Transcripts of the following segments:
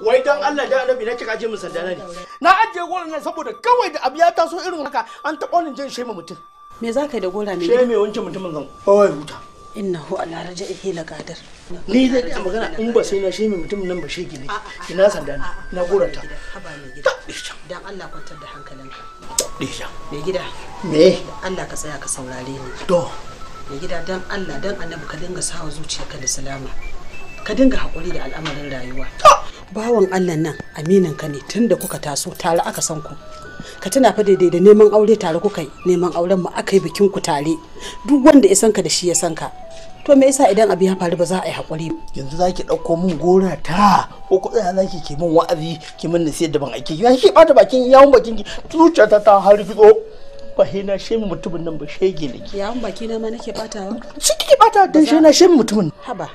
wai dan Allah da annabi na kika je mu sandana ne na ajiye goran nan saboda kawai da abiya ya taso irin haka an taɓa ni jin shema mutum me za ka da gora mai sheme wancan mutumin zan kawai huta inna hu ala raja ihi la laqadir ni zai da magana in ba sai na sheme mutumin nan ba shege ne ina sandana na goranta ta dan Allah kwantar da hankalinka disha me gida me Allah ka tsaya ka saurare ni to me gida dan Allah dan annabi ka dinga sawa zuciyarka da salama ka dinga haƙuri da al'amarin rayuwa bawan allah nan aminin ka ne tun da kuka taso tare aka san ku ka tuna fa daidai da neman aure tare kuka yi neman auren mu aka yi bikin ku tare duk wanda ya san ka da shi ya san ka to me yasa idan abu ya faru ba za a yi hakuri yanzu zaki dauko min gora ta ko ku tsaya zaki ki min wa'azi ki min nasiyar da ban aike ya shi bata bakin yawon bakin ki tuta ta har fitso fahina shi mutumin nan ba shege ne ki yawon baki na ma nake batawa shi kike bata dan shi na shi mutumin haba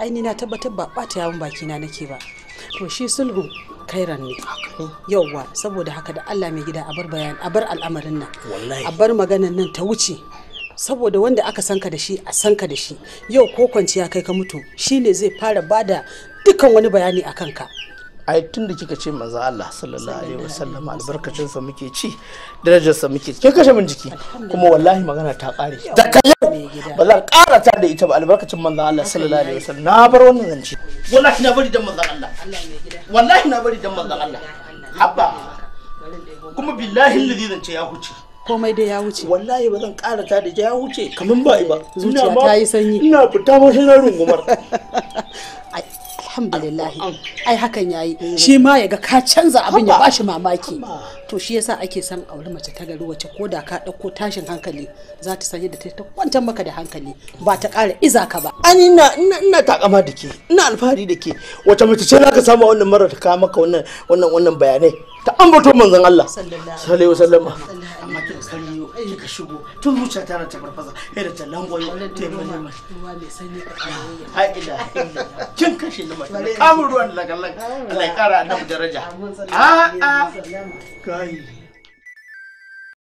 ai ni na tabbatar ba bata yawon baki na nake ba to shi sulhu kairan ne yauwa saboda haka da Allah mai gida a bar bayan a bar al'amarin nan a bar maganan nan ta wuce saboda wanda aka sanka da shi a sanka da shi yau ko kwanciya kai ka mutu shine zai fara bada dukkan wani bayani a ka. ai tun da kika ce manzo Allah sallallahu alaihi wasallam albarkacin sa muke ci darajar sa muke kin kashe min jiki kuma wallahi magana ta kare da yau ba zan ƙara ta da ita ba albarkacin manzo Allah sallallahu alaihi wasallam na bar wannan zance wallahi na bari dan manzo Allah wallahi na bari dan manzo Allah habba kuma billahi alladhi zance ya huce komai da ya wuce wallahi ba zan ƙara ta da ya wuce kamin ba ba zuciya ta yi sanyi ina fita ba shi na rungumar alhamdulillah ai hakan yayi mm. shi ma ya ga ka canza abin ya bashi mamaki to shi yasa ake son aure mace ta gari wace ko da ka dauko tashin hankali za ta san yadda ta kwantar maka da hankali ba ta kare iza ka ba an ina ina takama da ke ina alfahari da ke wace mace ce zaka samu wannan mara ta kawo maka wannan wannan wannan bayanai ta ambato manzon Allah sallallahu alaihi wasallam kalliyo kika shigo tun zuciya ta ta farfasa sai da tallan langwayo ta yi malima ruwa mai sanyi a ah, ila kin kashe ni mace kamun ruwan lagalag Allah ya kara annabi daraja a a ah, ah. kai